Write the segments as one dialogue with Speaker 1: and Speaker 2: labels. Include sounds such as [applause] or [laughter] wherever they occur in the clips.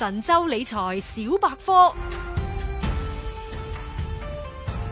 Speaker 1: 神州理財小百科，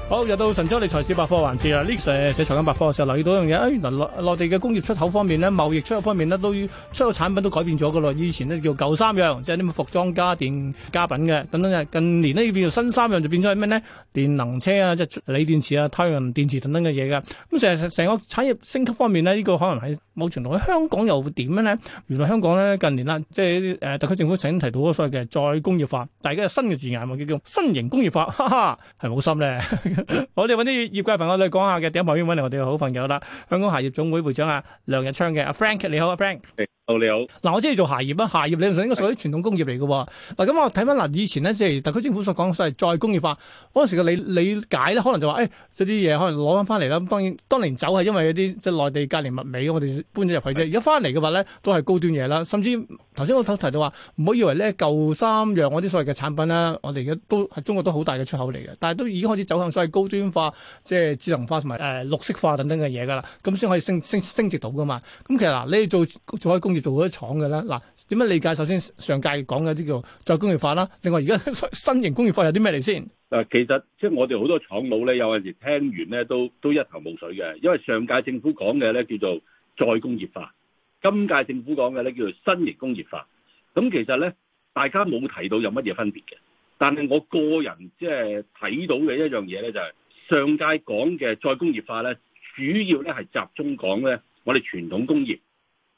Speaker 2: 好，又到神州理財小百科環節啦。呢期寫財經百科嘅時候，在在留意到一樣嘢，誒，原來內內地嘅工業出口方面咧，貿易出口方面咧，都出口產品都改變咗噶啦。以前呢，叫舊三樣，即係啲咁服裝、家電、家品嘅等等嘅。近年呢，要變做新三樣，就變咗係咩呢？電能車啊，即係鋰電池啊、太陽電池等等嘅嘢噶。咁成成個產業升級方面呢，呢、呢個可能係。冇前途，喺香港又會點樣咧？原來香港咧，近年啦，即係、呃、特區政府曾經提到過所謂嘅再工業化，但係而家有新嘅字眼喎，叫新型工業化，哈哈，係冇心咧。 [laughs] 我哋搵啲業界朋友嚟講下嘅，第一旁邊搵嚟我哋嘅好朋友啦，香港鞋業總會會長啊梁日昌嘅，阿 Frank 你好，Frank。哦、你好，嗱我知係做鞋業啦、啊，鞋業理論上應該屬於傳統工業嚟嘅。嗱咁、嗯嗯嗯嗯、我睇翻嗱以前咧，即、就、係、是、特區政府所講所謂再工業化嗰陣時嘅理理解咧，可能就話誒，嗰啲嘢，可能攞翻翻嚟啦。當然當年走係因為啲即係內地價廉物美，我哋搬咗入去啫。而家翻嚟嘅話咧，都係高端嘢啦。甚至頭先我提到話，唔好以為咧舊三樣嗰啲所謂嘅產品啦，我哋而家都係中國都好大嘅出口嚟嘅，但係都已經開始走向所謂高端化、即、就、係、是、智能化同埋誒綠色化等等嘅嘢噶啦，咁先可以升升升，升值到噶嘛。咁其實嗱，你做做喺工業。做咗啲廠嘅啦，嗱，點樣理解？首先上屆講嘅啲叫再工業化啦，另外而家新型工業化有啲咩嚟先？
Speaker 1: 誒，其實即係我哋好多廠佬咧，有陣時聽完咧都都一頭霧水嘅，因為上屆政府講嘅咧叫做再工業化，今屆政府講嘅咧叫做新型工業化。咁其實咧，大家冇提到有乜嘢分別嘅，但係我個人即係睇到嘅一樣嘢咧，就係上屆講嘅再工業化咧，主要咧係集中講咧我哋傳統工業。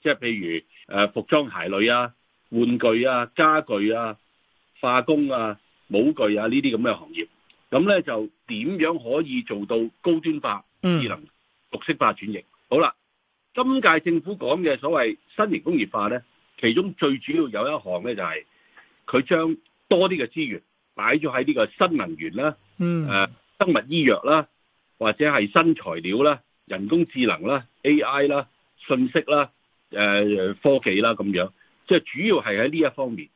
Speaker 1: 即係譬如服裝鞋類啊、玩具啊、家具啊、化工啊、模具啊呢啲咁嘅行業，咁咧就點樣可以做到高端化、智能、綠色化轉型？Mm. 好啦，今屆政府講嘅所謂新型工業化咧，其中最主要有一項咧就係佢將多啲嘅資源擺咗喺呢個新能源啦、誒、mm. 生物醫藥啦、或者係新材料啦、人工智能啦、AI 啦、信息啦。誒科技啦，咁樣即係主要係喺呢一方面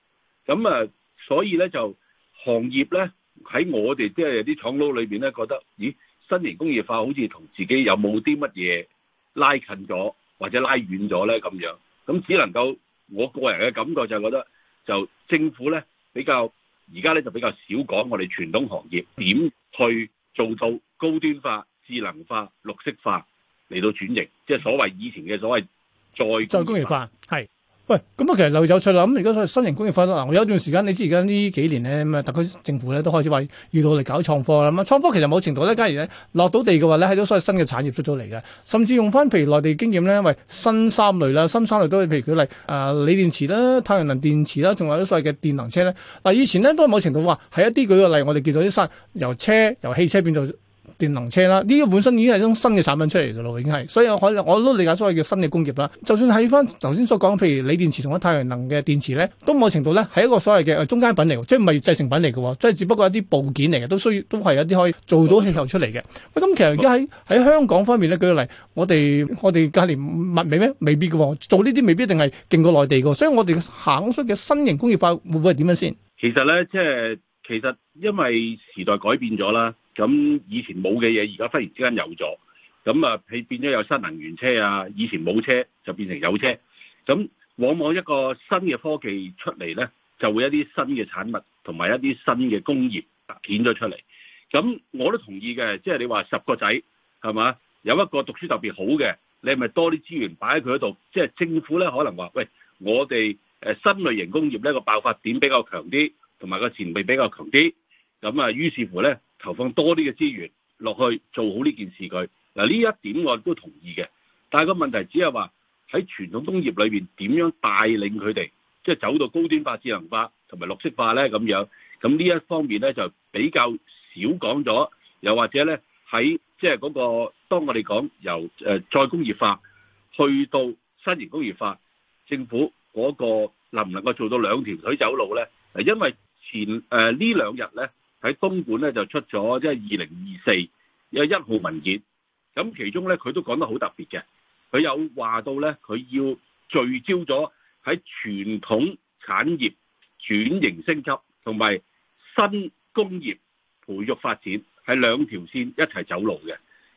Speaker 1: 咁啊，所以呢，就行業呢喺我哋即係啲廠佬裏邊呢，覺得，咦，新型工業化好似同自己有冇啲乜嘢拉近咗或者拉遠咗呢？咁樣咁只能夠我個人嘅感覺就係覺得，就政府呢比較而家呢，就比較少講我哋傳統行業點去做到高端化、智能化、綠色化嚟到轉型，即係所謂以前嘅所謂。再工業化
Speaker 2: 係喂，咁啊其實又走出啦。咁而家所謂新型工業化啦，嗱，我有一段時間，你知而家呢幾年咧，咁啊，特區政府咧都開始話要努力搞創科啦。咁啊，創科其實某程度咧，假如咧落到地嘅話咧，係咗所謂新嘅產業出到嚟嘅，甚至用翻譬如內地經驗咧，因為新三類啦、新三類都係譬如舉例啊，鋰電池啦、太陽能電池啦，仲有啲所謂嘅電能車咧。嗱，以前咧都係某程度話係一啲，舉個例，我哋見到啲新由車由汽車變做。電能車啦，呢個本身已經係一種新嘅產品出嚟嘅咯，已經係，所以我可以我都理解所謂叫新嘅工業啦。就算睇翻頭先所講，譬如鋰電池同埋太陽能嘅電池咧，都某程度咧係一個所謂嘅中間品嚟，即係唔係製成品嚟嘅，即係只不過係一啲部件嚟嘅，都需要都係有啲可以做到氣候出嚟嘅。咁、嗯、其實而家喺喺香港方面咧，舉個例，我哋我哋近年物美咩？未必嘅，做呢啲未必一定係勁過內地嘅。所以我哋行出嘅新型工業化會唔會係點樣先？
Speaker 1: 其實咧，即係其實因為時代改變咗啦。咁以前冇嘅嘢，而家忽然之間有咗咁啊，佢變咗有新能源車啊。以前冇車就變成有車咁，往往一個新嘅科技出嚟呢，就會一啲新嘅產物同埋一啲新嘅工業凸顯咗出嚟。咁我都同意嘅，即係你話十個仔係嘛，有一個讀書特別好嘅，你咪多啲資源擺喺佢嗰度。即係政府呢，可能話喂，我哋誒新類型工業呢個爆發點比較強啲，同埋個前備比較強啲咁啊。於是乎呢。投放多啲嘅資源落去做好呢件事佢。嗱，呢一點我都同意嘅，但係個問題只係話喺傳統工業裏邊點樣帶領佢哋即係走到高端化、智能化同埋綠色化呢。咁樣，咁呢一方面呢，就比較少講咗，又或者呢，喺即係嗰個當我哋講由誒再工業化去到新型工業化，政府嗰個能唔能夠做到兩條腿走路呢？因為前誒呢兩日呢。喺東莞咧就出咗即係二零二四有一號文件，咁其中咧佢都講得好特別嘅，佢有話到咧，佢要聚焦咗喺傳統產業轉型升級同埋新工業培育發展係兩條線一齊走路嘅。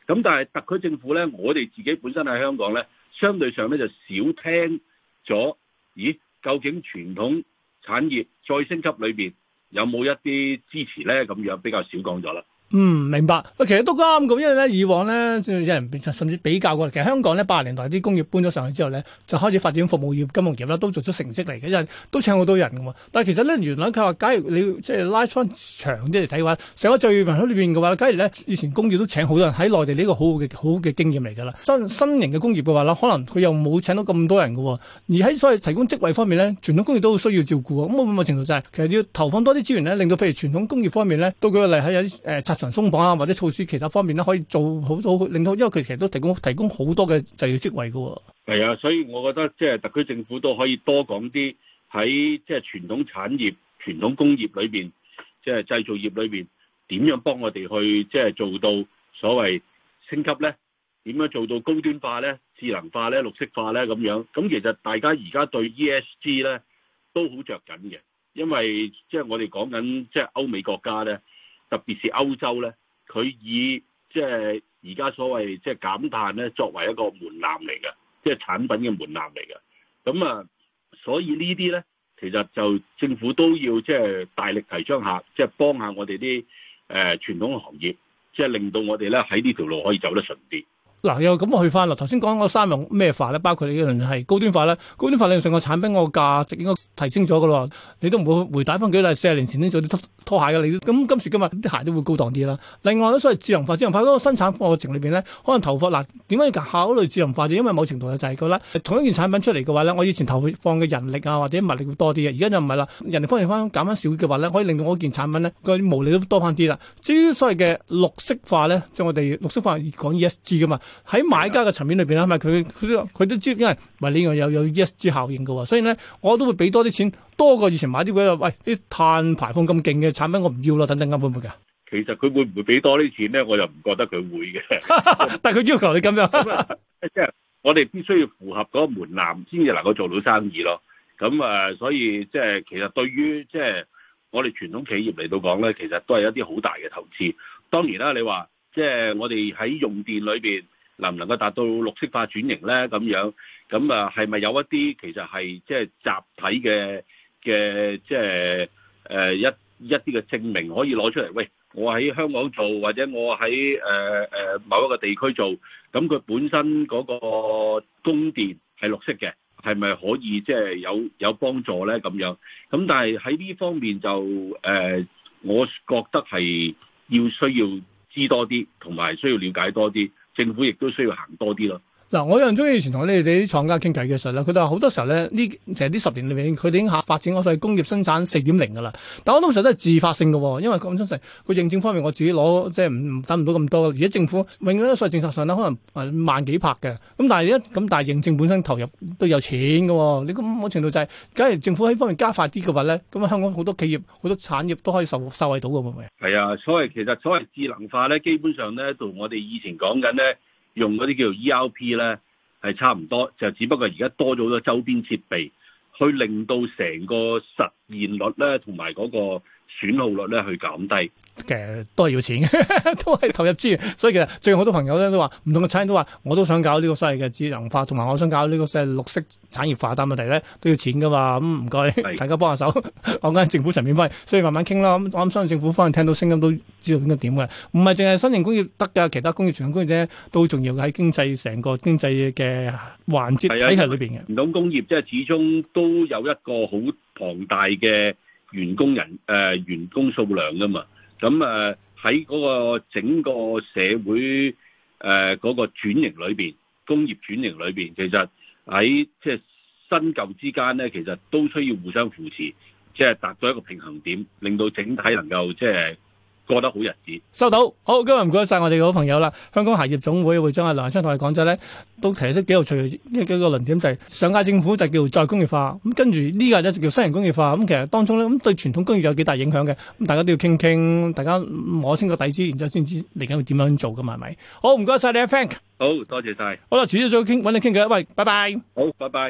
Speaker 1: 咁但係特區政府咧，我哋自己本身喺香港咧，相對上咧就少聽咗，咦，究竟傳統產業再升級裏邊？有冇一啲支持咧？咁樣比較少講咗啦。
Speaker 2: 嗯，明白。喂，其實都啱咁，因為咧，以往咧，即係有人甚至比較過。其實香港咧，八十年代啲工業搬咗上去之後咧，就開始發展服務業、金融業啦，都做出成績嚟嘅。因為都請好多人㗎喎。但係其實咧，原來佢話，話，假如你即係拉翻長啲嚟睇嘅話，成個就業環境裏邊嘅話，假如咧以前工業都請好多人喺內地呢個好好嘅、好好嘅經驗嚟㗎啦。新新型嘅工業嘅話啦，可能佢又冇請到咁多人㗎喎。而喺所謂提供職位方面咧，傳統工業都好需要照顧。咁啊，某程度就係、是、其實要投放多啲資源咧，令到譬如傳統工業方面咧，到佢嚟係有啲誒、呃鬆綁啊，或者措施其他方面咧，可以做好多，令到因為佢其實都提供提供好多嘅製造職位嘅哦。
Speaker 1: 係啊，所以我覺得即係特區政府都可以多講啲喺即係傳統產業傳統工業裏邊，即係製造業裏邊點樣幫我哋去即係做到所謂升級咧？點樣做到高端化咧、智能化咧、綠色化咧咁樣，咁其實大家而家對 ESG 咧都好着緊嘅，因為即係我哋講緊即係歐美國家咧。特別是歐洲咧，佢以即係而家所謂即係減碳咧，作為一個門檻嚟嘅，即係產品嘅門檻嚟嘅。咁啊，所以呢啲咧，其實就政府都要即係大力提倡下，即係幫下我哋啲誒傳統行業，即係令到我哋咧喺呢條路可以走得順啲。
Speaker 2: 嗱、啊，又咁我去翻啦。頭先講嗰三樣咩化咧，包括你呢輪係高端化咧。高端化你用成個產品個價值應該提升咗噶咯。你都唔會回答翻幾耐。四十年前咧做啲拖鞋嘅你都，咁今時今日啲鞋都會高檔啲啦。另外咧，所謂智能化、智能化嗰個生產過程裏邊咧，可能投放嗱點解要考慮智能化？就因為某程度就係個啦。同一件產品出嚟嘅話咧，我以前投放嘅人力啊或者物力會多啲嘅，而家就唔係啦。人力方面翻減翻少嘅話咧，可以令到我件產品咧啲毛利都多翻啲啦。至於所謂嘅綠色化咧，即係我哋綠色化講 E S G 噶嘛。喺買家嘅層面裏邊啦，咪佢佢佢都知道，因為咪呢樣有有 s、yes、之效應嘅喎，所以咧我都會俾多啲錢，多過以前買啲鬼啊！喂、哎，啲碳排放咁勁嘅產品我唔要啦，等等啱唔啱嘅，會唔會
Speaker 1: 嘅？其實佢會唔會俾多啲錢咧？我又唔覺得佢會嘅，
Speaker 2: [laughs] [laughs] 但係佢要求你咁樣，即 [laughs] 係、啊就
Speaker 1: 是、我哋必須要符合嗰個門檻，先至能夠做到生意咯。咁啊，所以即、就、係、是、其實對於即係我哋傳統企業嚟到講咧，其實都係一啲好大嘅投資。當然啦、啊，你話即係我哋喺用電裏邊。能唔能夠達到綠色化轉型呢？咁樣咁啊，係咪有一啲其實係即係集體嘅嘅，即係誒一一啲嘅證明可以攞出嚟？喂，我喺香港做，或者我喺誒、呃呃、某一個地區做，咁佢本身嗰個供電係綠色嘅，係咪可以即係、就是、有有幫助呢？咁樣咁，但係喺呢方面就誒、呃，我覺得係要需要知多啲，同埋需要了解多啲。政府亦都需要行多啲咯。
Speaker 2: 嗱，我有印象中以前同你哋啲廠家傾偈嘅時候咧，佢哋話好多時候咧，呢其實呢十年裏面，佢哋已經下發展咗所謂工業生產四點零嘅啦。但係我當時都係自發性嘅喎，因為咁真實。佢認證方面，我自己攞即係唔等唔到咁多。而家政府永遠都所謂政策上咧，可能誒萬幾拍嘅。咁但係一咁，但係認證本身投入都有錢嘅喎。你咁某程度就係、是，假如政府喺方面加快啲嘅話咧，咁啊香港好多企業、好多產業都可以受受惠到嘅，會啊？
Speaker 1: 係啊，所以其實所謂智能化咧，基本上咧同我哋以前講緊咧。用嗰啲叫做 ERP 咧，係差唔多，就只不過而家多咗好多周邊設備，去令到成個實。電率咧，同埋嗰個損耗率咧，去減低
Speaker 2: 嘅，okay, 都係要錢，都係投入資源。 [laughs] 所以其實最近好多朋友咧都話，唔同嘅產都話，我都想搞呢個所謂嘅智能化，同埋我想搞呢個所謂綠色產業化。但係問題咧都要錢噶嘛，咁唔該大家幫下手，講 [laughs] 緊政府層面，所以慢慢傾啦。咁我諗相信政府方面聽到聲音都知道應該點嘅。唔係淨係新型工業得㗎，其他工業、傳統工業咧都好重要，喺經濟成個經濟嘅環節體系裏邊嘅。傳
Speaker 1: 統工業即係始終都有一個好。龐大嘅員工人誒、呃、員工數量噶嘛，咁誒喺嗰個整個社會誒嗰、呃嗰個轉型裏邊，工業轉型裏邊，其實喺即係新舊之間咧，其實都需要互相扶持，即、就、係、是、達到一個平衡點，令到整體能夠即係。就是過得好日子，收到
Speaker 2: 好，今日唔該晒，我哋嘅好朋友啦。香港鞋業總會會將阿梁生同你講咗咧，都其實都幾有趣呢幾個論點，就係上屆政府就叫再工業化，咁跟住呢個就叫新型工業化，咁其實當中咧，咁對傳統工業有幾大影響嘅，咁大家都要傾傾，大家摸清個底子，然之後先知嚟緊會點樣做噶嘛？係咪？好，唔該晒你呀，Frank 好多謝晒。好啦，遲啲再傾，搵你傾偈，喂，拜拜。好，拜拜。